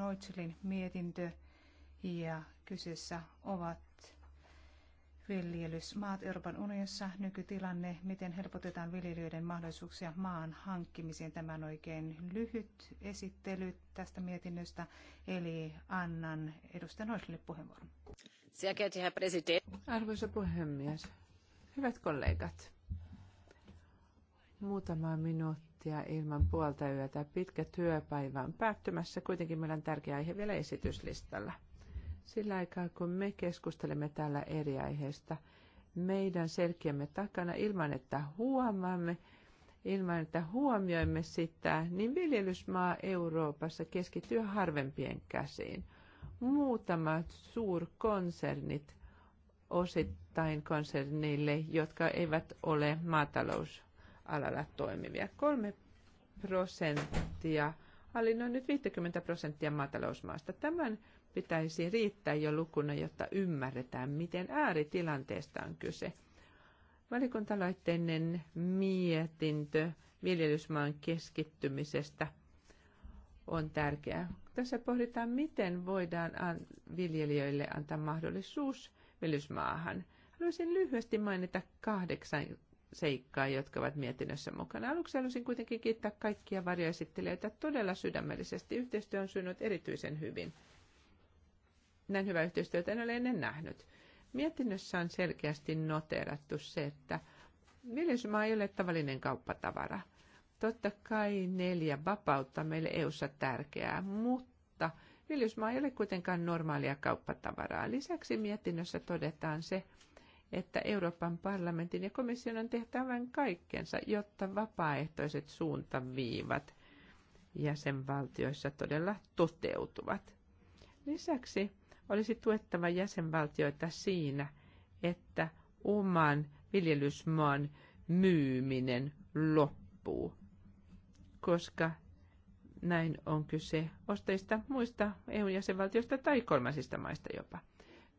Noitselin mietintö ja kyseessä ovat viljelysmaat Euroopan unionissa, nykytilanne, miten helpotetaan viljelijöiden mahdollisuuksia maan hankkimiseen. Tämä on oikein lyhyt esittely tästä mietinnöstä, eli annan edustaja Noislille puheenvuoron. Arvoisa puhemies, hyvät kollegat, muutama minuutti minuuttia ilman puolta yötä. Pitkä työpäivä on päättymässä. Kuitenkin meillä on tärkeä aihe vielä esityslistalla. Sillä aikaa, kun me keskustelemme täällä eri aiheesta, meidän selkiämme takana ilman, että huomaamme, ilman, että huomioimme sitä, niin viljelysmaa Euroopassa keskittyy harvempien käsiin. Muutamat suurkonsernit osittain konsernille, jotka eivät ole maatalous alalla toimivia. Kolme prosenttia, noin nyt 50 prosenttia maatalousmaasta. Tämän pitäisi riittää jo lukuna, jotta ymmärretään, miten ääritilanteesta on kyse. Valikuntalaitteinen mietintö viljelysmaan keskittymisestä on tärkeää. Tässä pohditaan, miten voidaan viljelijöille antaa mahdollisuus viljelysmaahan. Haluaisin lyhyesti mainita kahdeksan seikkaa, jotka ovat mietinnössä mukana. Aluksi haluaisin kuitenkin kiittää kaikkia varjoesittelijöitä todella sydämellisesti. Yhteistyö on syynyt erityisen hyvin. Näin hyvää yhteistyötä en ole ennen nähnyt. Mietinnössä on selkeästi noterattu se, että viljelysmaa ei ole tavallinen kauppatavara. Totta kai neljä vapautta meille EU-ssa tärkeää, mutta viljelysmaa ei ole kuitenkaan normaalia kauppatavaraa. Lisäksi mietinnössä todetaan se, että Euroopan parlamentin ja komission on tehtävän kaikkensa, jotta vapaaehtoiset suuntaviivat jäsenvaltioissa todella toteutuvat. Lisäksi olisi tuettava jäsenvaltioita siinä, että oman viljelysmaan myyminen loppuu, koska näin on kyse ostajista muista EU-jäsenvaltioista tai kolmansista maista jopa.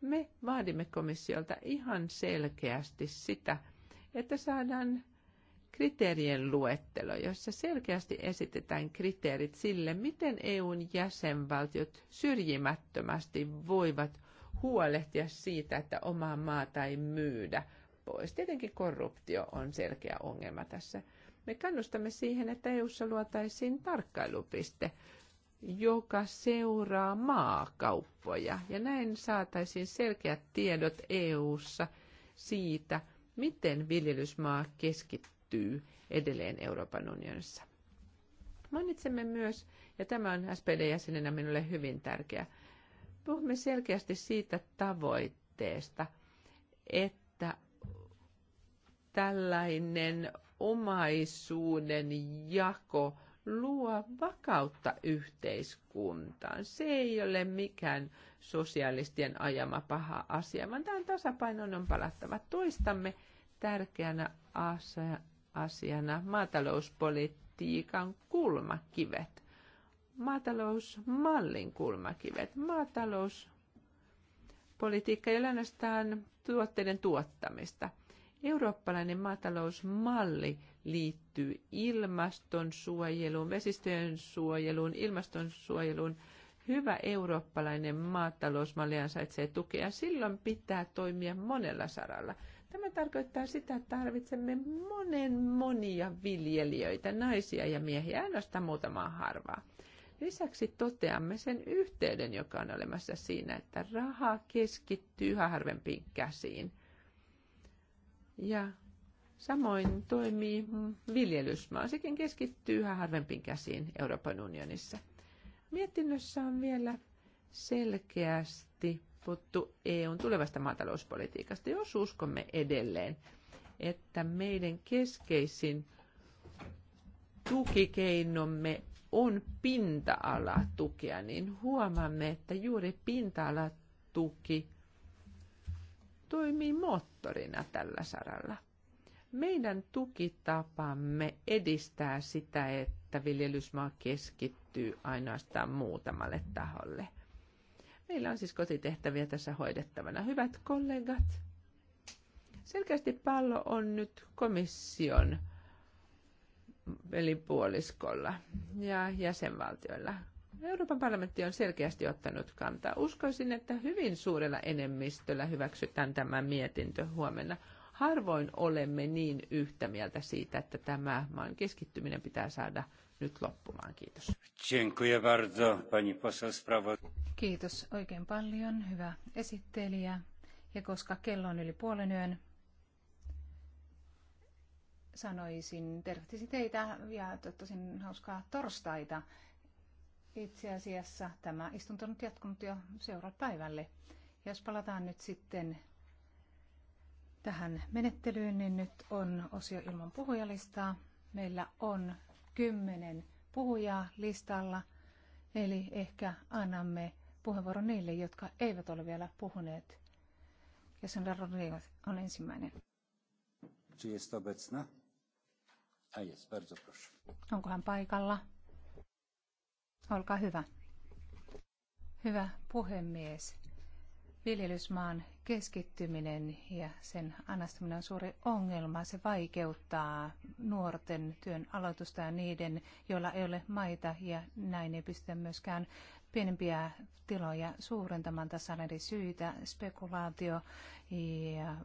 Me vaadimme komissiolta ihan selkeästi sitä, että saadaan kriteerien luettelo, jossa selkeästi esitetään kriteerit sille, miten EUn jäsenvaltiot syrjimättömästi voivat huolehtia siitä, että omaa maata ei myydä pois. Tietenkin korruptio on selkeä ongelma tässä. Me kannustamme siihen, että EUssa luotaisiin tarkkailupiste, joka seuraa maakauppoja. Ja näin saataisiin selkeät tiedot EU:ssa siitä, miten viljelysmaa keskittyy edelleen Euroopan unionissa. Mainitsemme myös, ja tämä on SPD-jäsenenä minulle hyvin tärkeä, puhumme selkeästi siitä tavoitteesta, että tällainen omaisuuden jako – luo vakautta yhteiskuntaan. Se ei ole mikään sosialistien ajama paha asia, vaan tämän tasapainon on palattava. Toistamme tärkeänä asiana maatalouspolitiikan kulmakivet, maatalousmallin kulmakivet, maatalouspolitiikka ei ole ainoastaan tuotteiden tuottamista. Eurooppalainen maatalousmalli – liittyy ilmastonsuojeluun, vesistöjen suojeluun, ilmastonsuojeluun. Hyvä eurooppalainen maatalousmalli ansaitsee tukea. Silloin pitää toimia monella saralla. Tämä tarkoittaa sitä, että tarvitsemme monen monia viljelijöitä, naisia ja miehiä, ainoastaan muutamaa harvaa. Lisäksi toteamme sen yhteyden, joka on olemassa siinä, että raha keskittyy yhä harvempiin käsiin. Ja Samoin toimii viljelysmaa. Sekin keskittyy yhä harvempiin käsiin Euroopan unionissa. Mietinnössä on vielä selkeästi puhuttu EUn tulevasta maatalouspolitiikasta, jos uskomme edelleen, että meidän keskeisin tukikeinomme on pinta-alatukea, niin huomaamme, että juuri pinta-alatuki toimii moottorina tällä saralla – meidän tukitapamme edistää sitä, että viljelysmaa keskittyy ainoastaan muutamalle taholle. Meillä on siis kotitehtäviä tässä hoidettavana. Hyvät kollegat, selkeästi pallo on nyt komission velipuoliskolla ja jäsenvaltioilla. Euroopan parlamentti on selkeästi ottanut kantaa. Uskoisin, että hyvin suurella enemmistöllä hyväksytään tämä mietintö huomenna. Harvoin olemme niin yhtä mieltä siitä, että tämä maan keskittyminen pitää saada nyt loppumaan. Kiitos. Kiitos oikein paljon, hyvä esittelijä. Ja koska kello on yli puolen yön, sanoisin, tervehtisin teitä ja toivottavasti hauskaa torstaita. Itse asiassa tämä istunto on nyt jatkunut jo seuraavalle päivälle. Jos palataan nyt sitten tähän menettelyyn, niin nyt on osio ilman puhujalistaa. Meillä on kymmenen puhujaa listalla, eli ehkä annamme puheenvuoron niille, jotka eivät ole vielä puhuneet. sen Rodriguez on ensimmäinen. bardzo Onko hän paikalla? Olkaa hyvä. Hyvä puhemies viljelysmaan keskittyminen ja sen anastaminen on suuri ongelma. Se vaikeuttaa nuorten työn aloitusta ja niiden, joilla ei ole maita ja näin ei pystytä myöskään pienempiä tiloja suurentamaan. Tässä on eri syitä, spekulaatio ja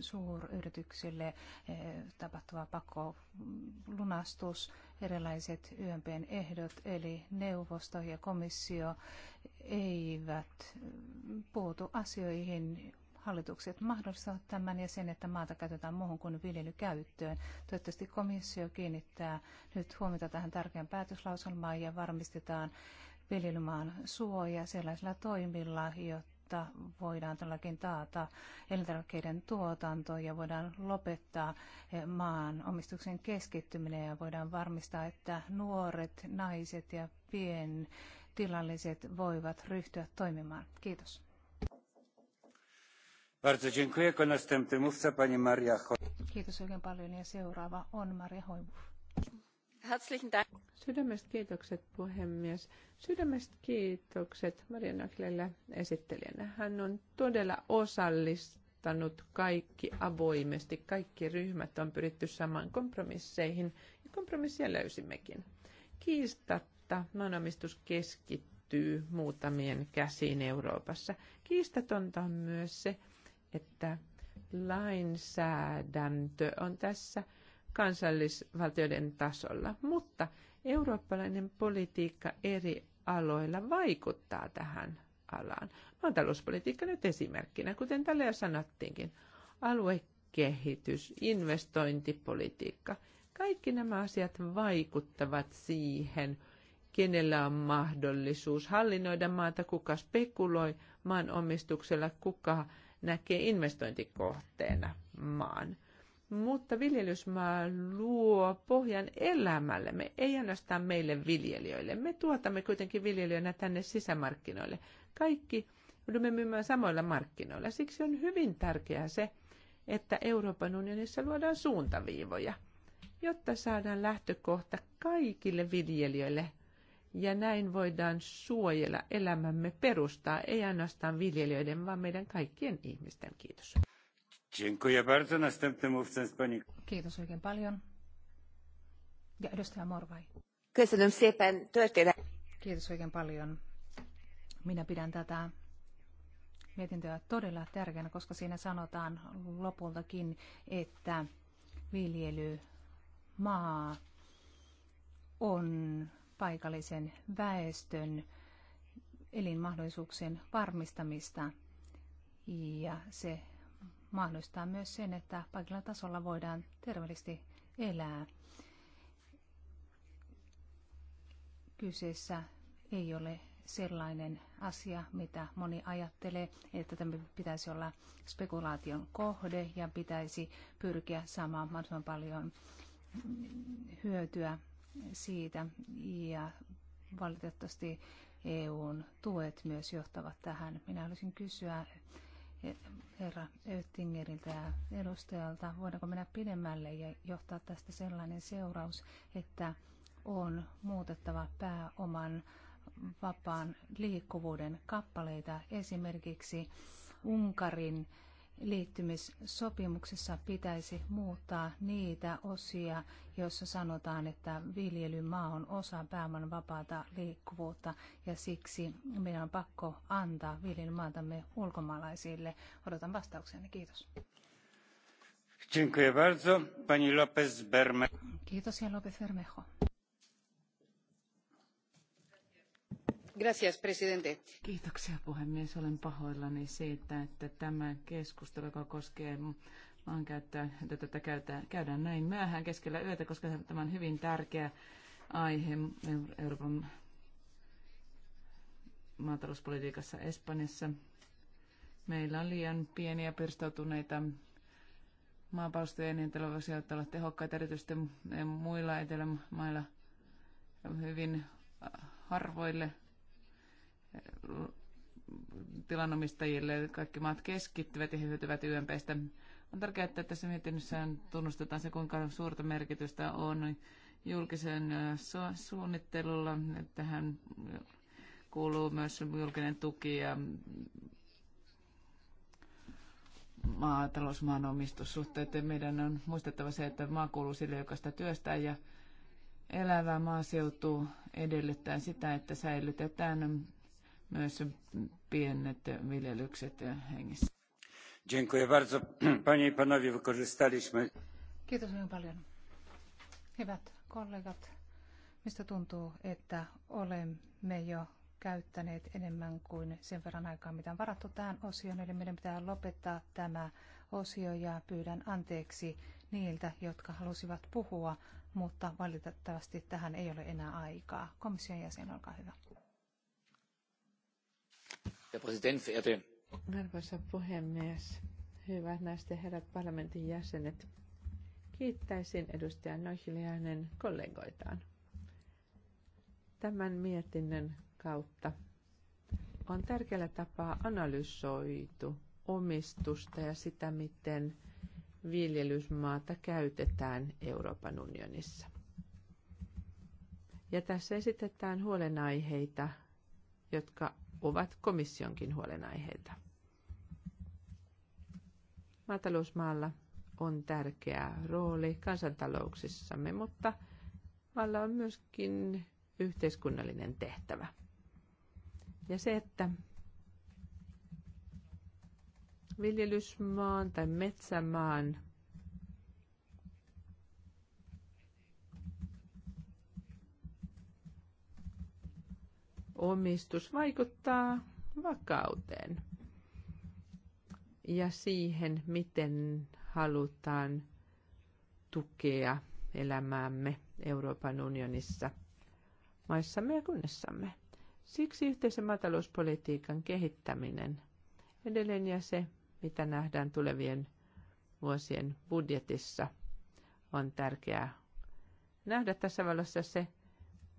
suuryrityksille eh, tapahtuva pakko lunastus, erilaiset YMPn ehdot, eli neuvosto ja komissio eivät puutu asioihin hallitukset mahdollistavat tämän ja sen, että maata käytetään muuhun kuin viljelykäyttöön. Toivottavasti komissio kiinnittää nyt huomiota tähän tärkeään päätöslauselmaan ja varmistetaan viljelymaan suoja sellaisilla toimilla, jotta voidaan todellakin taata elintarvikkeiden tuotanto ja voidaan lopettaa eh, maan omistuksen keskittyminen ja voidaan varmistaa, että nuoret, naiset ja pientilalliset voivat ryhtyä toimimaan. Kiitos. Kiitos oikein paljon ja seuraava on Maria Hoimuff. Sydämestä kiitokset puhemies. Sydämestä kiitokset Maria Naklelle esittelijänä. Hän on todella osallistanut kaikki avoimesti. Kaikki ryhmät on pyritty samaan kompromisseihin ja kompromissia löysimmekin. Kiistatta maanomistus keskittyy muutamien käsiin Euroopassa. Kiistatonta on myös se, että lainsäädäntö on tässä – kansallisvaltioiden tasolla, mutta eurooppalainen politiikka eri aloilla vaikuttaa tähän alaan. Maatalouspolitiikka nyt esimerkkinä, kuten tällä jo sanottiinkin, aluekehitys, investointipolitiikka, kaikki nämä asiat vaikuttavat siihen, kenellä on mahdollisuus hallinnoida maata, kuka spekuloi maan omistuksella, kuka näkee investointikohteena maan mutta viljelysmaa luo pohjan me ei ainoastaan meille viljelijöille. Me tuotamme kuitenkin viljelijöinä tänne sisämarkkinoille. Kaikki joudumme myymään samoilla markkinoilla. Siksi on hyvin tärkeää se, että Euroopan unionissa luodaan suuntaviivoja, jotta saadaan lähtökohta kaikille viljelijöille ja näin voidaan suojella elämämme perustaa, ei ainoastaan viljelijöiden, vaan meidän kaikkien ihmisten. Kiitos. Kiitos oikein paljon. Ja edustaja Morvai. Köszönöm szépen történet. Kiitos oikein paljon. Minä pidän tätä mietintöä todella tärkeänä, koska siinä sanotaan lopultakin, että viljelymaa on paikallisen väestön elinmahdollisuuksien varmistamista ja se mahdollistaa myös sen, että paikalla tasolla voidaan terveellisesti elää. Kyseessä ei ole sellainen asia, mitä moni ajattelee, että tämä pitäisi olla spekulaation kohde ja pitäisi pyrkiä saamaan mahdollisimman paljon hyötyä siitä. Ja valitettavasti EUn tuet myös johtavat tähän. Minä haluaisin kysyä herra Öttingeriltä ja edustajalta, voidaanko mennä pidemmälle ja johtaa tästä sellainen seuraus, että on muutettava pääoman vapaan liikkuvuuden kappaleita esimerkiksi Unkarin liittymissopimuksessa pitäisi muuttaa niitä osia, joissa sanotaan, että viljelymaa on osa pääoman vapaata liikkuvuutta ja siksi meidän on pakko antaa viljelymaatamme ulkomaalaisille. Odotan vastauksenne. Kiitos. Dziękuję bardzo. Pani Bermejo. Kiitos ja Bermejo. Gracias, presidente. Kiitoksia puhemies. Olen pahoillani siitä, että tämä keskustelu, joka koskee maankäyttöä, että tätä käydään näin myöhään keskellä yötä, koska tämä on hyvin tärkeä aihe Euroopan maatalouspolitiikassa Espanjassa. Meillä on liian pieniä pirstoutuneita maapalstoja, niin tällä voisi olla tehokkaita erityisesti muilla etelämailla hyvin harvoille tilanomistajille. Kaikki maat keskittyvät ja hyötyvät YMPstä. On tärkeää, että tässä mietinnössä tunnustetaan se, kuinka suurta merkitystä on julkisen su- suunnittelulla. Tähän kuuluu myös julkinen tuki ja maatalousmaan omistussuhteet. Meidän on muistettava se, että maa kuuluu sille, joka sitä työstää ja elävä maaseutu edellyttää sitä, että säilytetään näissä pienet viljelykset hengissä. Dziękuję bardzo. Panie i panowie, wykorzystaliśmy. Kiitos hyvin paljon. Hyvät kollegat, mistä tuntuu, että olemme jo käyttäneet enemmän kuin sen verran aikaa, mitä on varattu tähän osioon. Eli meidän pitää lopettaa tämä osio ja pyydän anteeksi niiltä, jotka halusivat puhua, mutta valitettavasti tähän ei ole enää aikaa. Komission jäsen, olkaa hyvä. Arvoisa puhemies, hyvät naiset ja herrat parlamentin jäsenet, kiittäisin edustaja Noichili hänen kollegoitaan. Tämän mietinnön kautta on tärkeällä tapaa analysoitu omistusta ja sitä, miten viljelysmaata käytetään Euroopan unionissa. Ja tässä esitetään huolenaiheita, jotka ovat komissionkin huolenaiheita. Maatalousmaalla on tärkeä rooli kansantalouksissamme, mutta maalla on myöskin yhteiskunnallinen tehtävä. Ja se, että viljelysmaan tai metsämaan omistus vaikuttaa vakauteen ja siihen, miten halutaan tukea elämäämme Euroopan unionissa, maissamme ja kunnissamme. Siksi yhteisen maatalouspolitiikan kehittäminen edelleen ja se, mitä nähdään tulevien vuosien budjetissa, on tärkeää nähdä tässä valossa se,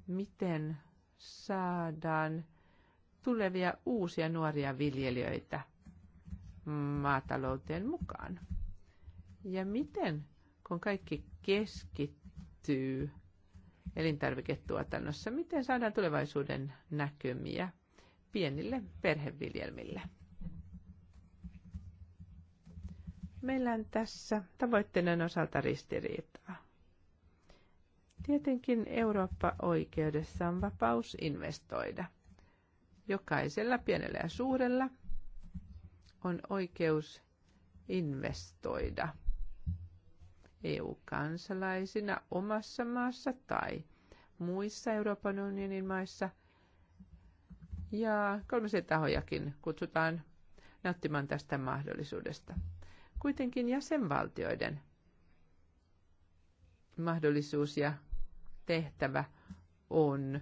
miten saadaan tulevia uusia nuoria viljelijöitä maatalouteen mukaan? Ja miten, kun kaikki keskittyy elintarviketuotannossa, miten saadaan tulevaisuuden näkymiä pienille perheviljelmille? Meillä on tässä tavoitteiden osalta ristiriita. Tietenkin Eurooppa-oikeudessa on vapaus investoida. Jokaisella pienellä ja suurella on oikeus investoida EU-kansalaisina omassa maassa tai muissa Euroopan unionin maissa. Ja kolmisen tahojakin kutsutaan nauttimaan tästä mahdollisuudesta. Kuitenkin jäsenvaltioiden mahdollisuus ja tehtävä on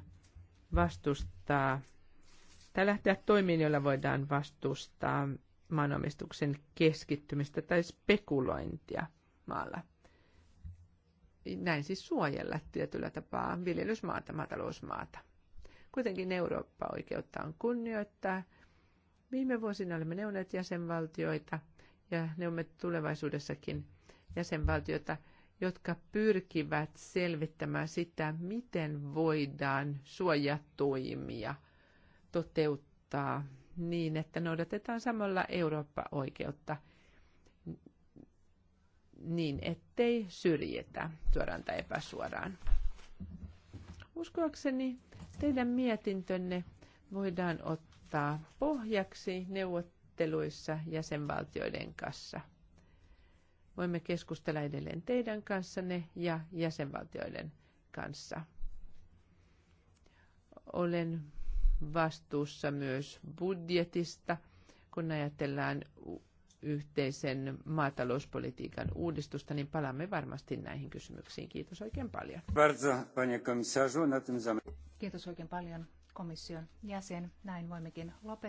vastustaa tai lähteä toimiin, joilla voidaan vastustaa maanomistuksen keskittymistä tai spekulointia maalla. Näin siis suojella tietyllä tapaa viljelysmaata, maatalousmaata. Kuitenkin Eurooppa-oikeutta on kunnioittaa. Viime vuosina olemme neuneet jäsenvaltioita ja neumme tulevaisuudessakin jäsenvaltioita jotka pyrkivät selvittämään sitä, miten voidaan suojatoimia toteuttaa niin, että noudatetaan samalla Eurooppa-oikeutta niin, ettei syrjetä suoraan tai epäsuoraan. Uskoakseni teidän mietintönne voidaan ottaa pohjaksi neuvotteluissa jäsenvaltioiden kanssa – voimme keskustella edelleen teidän kanssanne ja jäsenvaltioiden kanssa. Olen vastuussa myös budjetista, kun ajatellaan yhteisen maatalouspolitiikan uudistusta, niin palaamme varmasti näihin kysymyksiin. Kiitos oikein paljon. Kiitos oikein paljon komission jäsen. Näin voimmekin lopettaa.